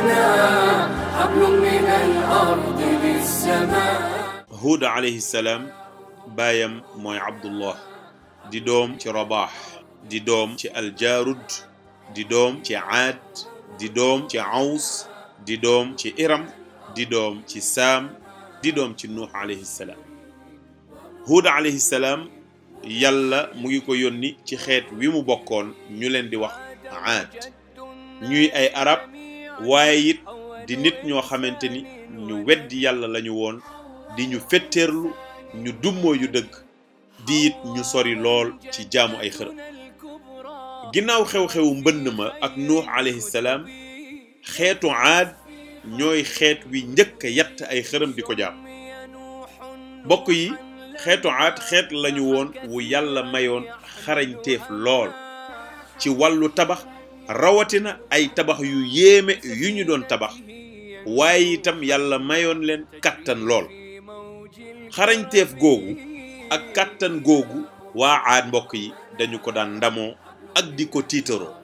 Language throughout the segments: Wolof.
لنا حبل من الأرض baayam mooy abdullah di doom ci rabaax di doom ci aljaarud di doom ci aad di doom ci aws di doom ci iram di doom ci saam di doom ci nuux alayhi salaam huud alayhi yàlla mu ngi ko yónni ci xeet wi mu bokkoon ñu leen di wax aad ñuy ay arab waaye it di nit ñoo xamante ni ñu weddi yàlla lañu woon di ñu fetteerlu ñu dummoo yu dëgg di it ñu sori lool ci jaamu ay xërëm ginnaaw xew-xewu mbënn ma ak nuux alayhi salaam xeetu aad ñooy xeet wi njëkk yatt ay xërëm di ko jaam bokk yi xeetu aad xeet lañu woon wu yàlla mayoon xarañteef lool ci wàllu tabax rawatina ay tabax yu yéeme yu ñu doon tabax waaye itam yàlla mayoon leen kàttan lool xarañteef googu ak kàttan googu waa aad mbokk yi dañu ko daan ndamoo ak di ko tiitaroo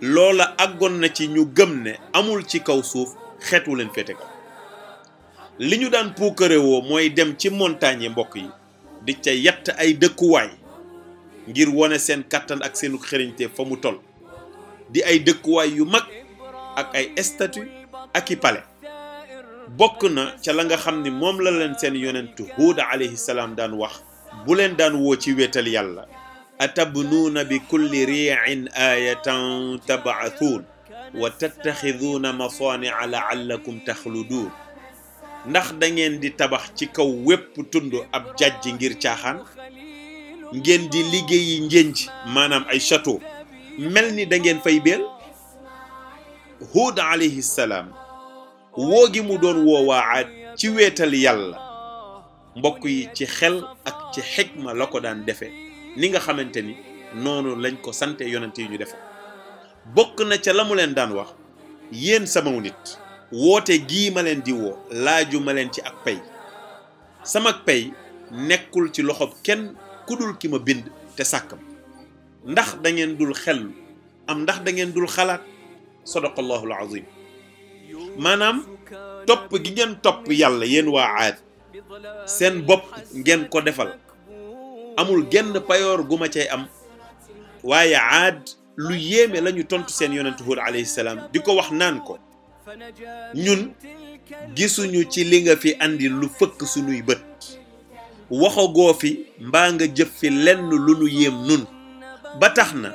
loola àggoon na ci ñu gëm ne amul ci kaw suuf xeetu leen féete kaw li ñu daan puukarewoo mooy dem ci montagne mbokk yi di ca yatt ay dëkkuwaay ngir wone seen kàttan ak seenu xarañteef fa mu tol di ay dëkkuwaay yu mag ak ay statue ak i palais bokk na ca la nga xam ni moom la leen seen yonent Huud alayhi salaam daan wax bu leen daan woo ci wéetal yàlla atabnuuna bi kulli ri'in aayatan tabaathuun wa tattaxiduuna masaani'a lu taxluduun ndax dangeen di tabax ci kaw wépp tund ab jajj ngir caaxaan ngeen di liggéeyi njënj maanaam ay château mel ni dangeen fay beel Huud alayhi salaam woo gi mu doon woowaa waa ci weetal yàlla mbokk yi ci xel ak ci xikma la ko daan defe ni nga xamante ni noonu lañ ko sante yonent yi ñu defe bokk na ca la mu leen daan wax yéen samaw nit woote gii ma leen di woo laaju ma leen ci ak pay sama pay nekkul ci loxob kenn ku dul ki ma bind te sàkkam ndax dangeen ngeen dul xel am ndax dangeen dul xalaat sadaqallahul azim maanaam topp gi ngeen topp yàlla yéen waa aad seen bopp ngeen ko defal amul genn payoor gu ma cay am waaye aad lu yéeme lañu tontu seen yonent Huud alayhi salaam di ko wax naan ko ñun gisuñu ci li nga fi indi lu fëkk sunuy bët waxagoo fi mbaa nga jëf fi lenn lu nu yéem nun ba tax na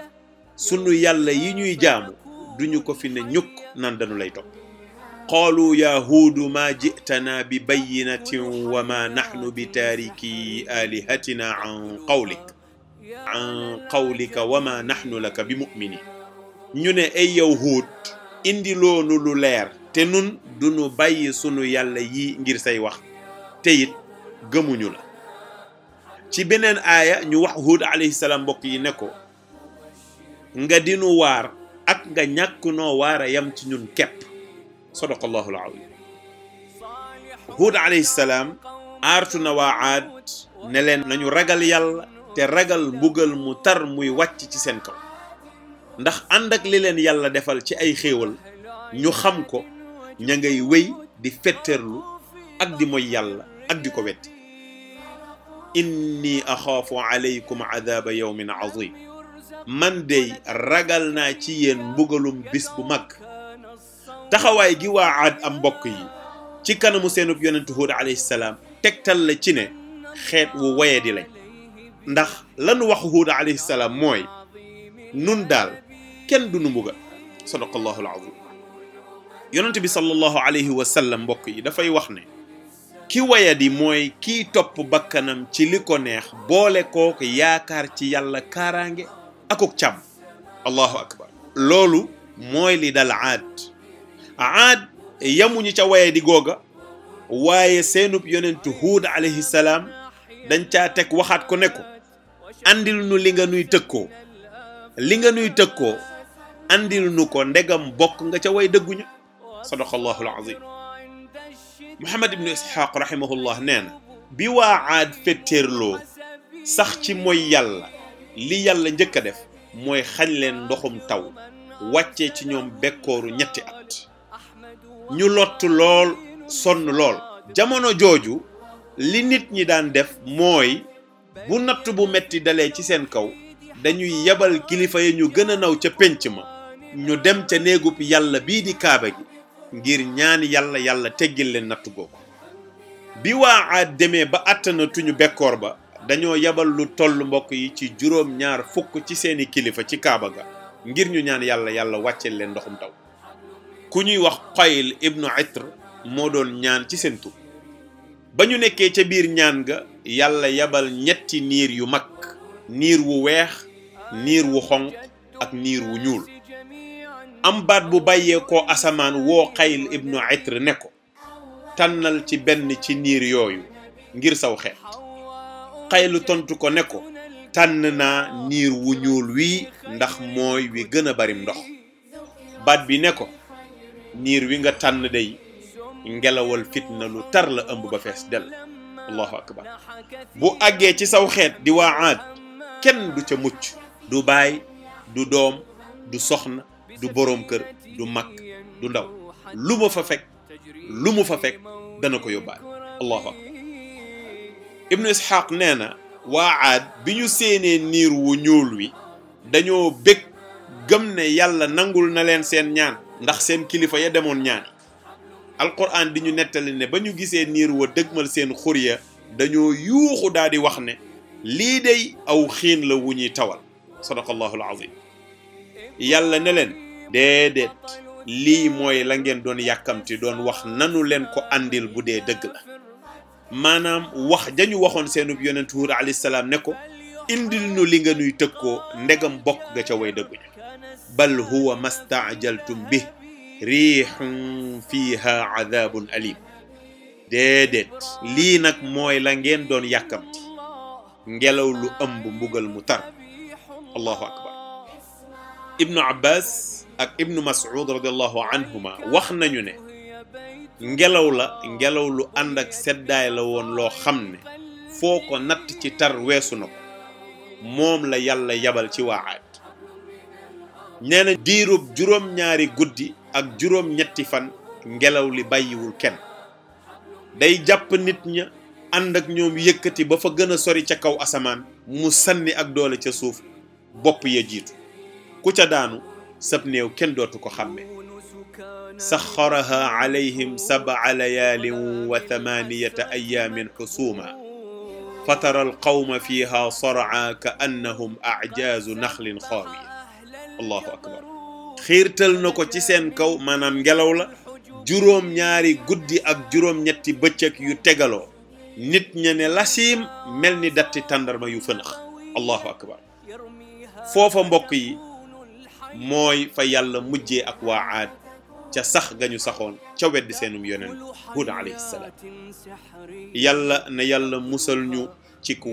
sunu yàlla yi ñuy jaamu duñu ko fi ne ñukk nan dañu lay topp qaalu ya huudu ma ji'tana bi bayyinatin wa ma nahnu bi taariki alihatina an qawlik an qawlika wa ma nahnu laka bi mu'mini ñu ne ay yow huud indi loonu lu leer te nun duñu bàyyi sunu yàlla yi ngir say wax te it gëmuñu la ci beneen aaya ñu wax huud alayhi salaam mbokk yi ne ko nga dinu waar ak nga ñàkku noo waar a yam ci ñun kepp sadaqallahu al-azim Hud alayhi salaam aartu na waa aad ne leen nañu ragal yàlla te ragal mbugal mu tar muy wàcc ci seen kaw ndax àndak li leen yàlla defal ci ay xéewal ñu xam ko ña ngay wéy di fetteerlu ak di moy yàlla ak di ko wetti inni axaafu alaykum adaaba yawmin azim man dey ragal naa ci yéen mbugalum bis bu mag taxawaay gi waa aad am mbokk yi ci kanamu seenub yonentu Huud alayhi tegtal la ci ne xeet wu waye di lañ ndax lan wax Huud alayhi mooy nun daal kenn du nu mbugal sadaqallahu alazim yonent bi sallallahu alayhi wa sallam mbokk yi dafay wax ne ki wayadi mooy ki topp bakkanam ci li ko neex boole kook yaakaar ci yàlla kaaraange akuk càmm allahu akbar loolu mooy li dal aad aad yamuñu ca waye di waaye seenub yonentu huud alayhi salaam dañ caa teg waxaat ko ne ko andil nu li nga nuy tëkkoo li nga nuy tëkkoo andil nu ko ndegam bokk nga ca way dëgguñu sadaqallahu alazim muhammad ibnu isxaaq rahimahullah nee bi waa aad fettéerloo sax ci mooy yàlla li yàlla njëkk a def mooy xañ leen ndoxum taw wàcce ci ñoom bekkooru ñetti at ñu lottu lool sonn lool jamono jooju li nit ñi daan def mooy bu natt bu metti dale ci seen kaw dañuy yebal kilifa yi ñu gën a naw ca pénc ma ñu dem ca néegub yàlla bii di kaaba gi ngir ñaan yàlla yàlla teggil leen natt googu bi waa aad demee ba àttanatuñu bekkoor ba dañoo yabal lu tollu mbokk yi ci juróom ñaar fukk ci seeni kilifa ci kaaba ga ngir ñu ñaan yàlla yàlla wàcceel leen ndoxum taw ku ñuy wax Qayl ibnu Itr moo doon ñaan ci seen tur ba ñu nekkee ca biir ñaan ga yàlla yabal ñetti niir yu mag niir wu weex niir wu xonq ak niir wu ñuul am baat bu bàyyeekoo asamaan woo Qayl ibnu Itr ne ko tànnal ci benn ci niir yooyu ngir saw xeet xay lu tontu ko ne ko tànn naa niir wu ñuul wii ndax mooy wi gëna a bari ndox baat bi ne ko niir wi nga tànn day ngelawal fitna lu tar la ëmb ba fees del bu àggee ci saw xeet di waa aad kenn du ca mucc du baay du doom du soxna du boroom kër du mag du ndaw lu ma fa fekk lu mu fa fekk dana ko yóbbaale ibnu isxaaq nee na waa aad bi ñu séenee niir wu ñuul wi dañoo bég ne yàlla nangul na leen seen ñaan ndax seen kilifa ya demoon ñaani alquran di ñu nettali ne ba ñu gisee niir wa dëgmal seen xur ya dañoo yuuxu daal wax ne lii day aw xiin la wu ñuy tawal sadaqallahu alazim yàlla ne leen déedéet lii mooy la ngeen doon yàkkamti doon wax nanu leen ko àndil bu dee dëgg la maanaam wax jañu waxoon seenub yonent Huud alayhi salaam ne ko indil nu li nga nuy tëg koo ndegam bokk nga ca way dëgguña bal huwa mastaajaltum bi riixun fiiha adabun alim déedéet lii nag mooy la ngeen doon yàkkamti ngelaw lu ëmb mbugal mu tar allahu akbar ibnu abbas ak ibnu mas'ud radiallahu anhuma wax nañu ne ngelaw la ngelaw lu ànd ak seddaay la woon loo xam ne foo ko natt ci tar weesu na ko moom la yàlla yabal ci waa Aad nee na diirub juróom-ñaari guddi ak juróom-ñetti fan ngelaw li bàyyiwul kenn day jàpp nit ña ànd ak ñoom yëkkati ba fa gën a sori ca kaw asamaan mu sànni ak doole ca suuf bopp ya jiitu ku ca daanu sab néew kenn dootu ko xàmme saxaraha alayhim sabaa layaalin wa thamaniyata ayaamin xusuuma fatara alqawma fiha saraa ka annahum ajaazu naxlin xaawiya allahu akbar xiirtal na ko ci seen kaw maanaam ngelaw la juróom ñaari guddi ak juróom ñetti bëccëg yu tegaloo nit ña ne lasiim mel ni datti tàndarma yu fënax allahu akbar foofa mbokk mooy fa yàlla mujjee ak waa aad ca sax ñu saxoon ca weddi seenum yonent Hud alayhi yàlla na yàlla musal ñu ci ku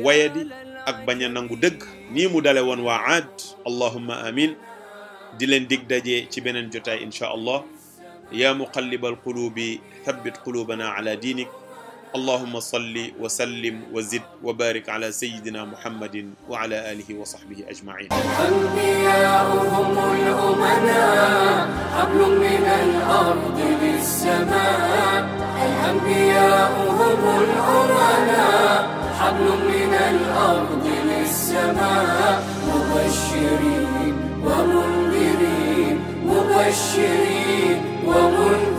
ak baña nangu dëgg ni mu dale woon waa aad allahumma amin di leen dig daje ci beneen jotaay incha allah yaa muqallibal qulubi thabbit qulubana ala diinik allahuma salli wa sallim wa zid wa barik ala sayidina muhammadin wa ala alihi wa sahbihi ajmain anbiyauhum lumana hablum min al-ardi lissama anbiyauhum lumana hablum min al-ardi lissama mubashirin wa mundirin mubashirin wa mundirin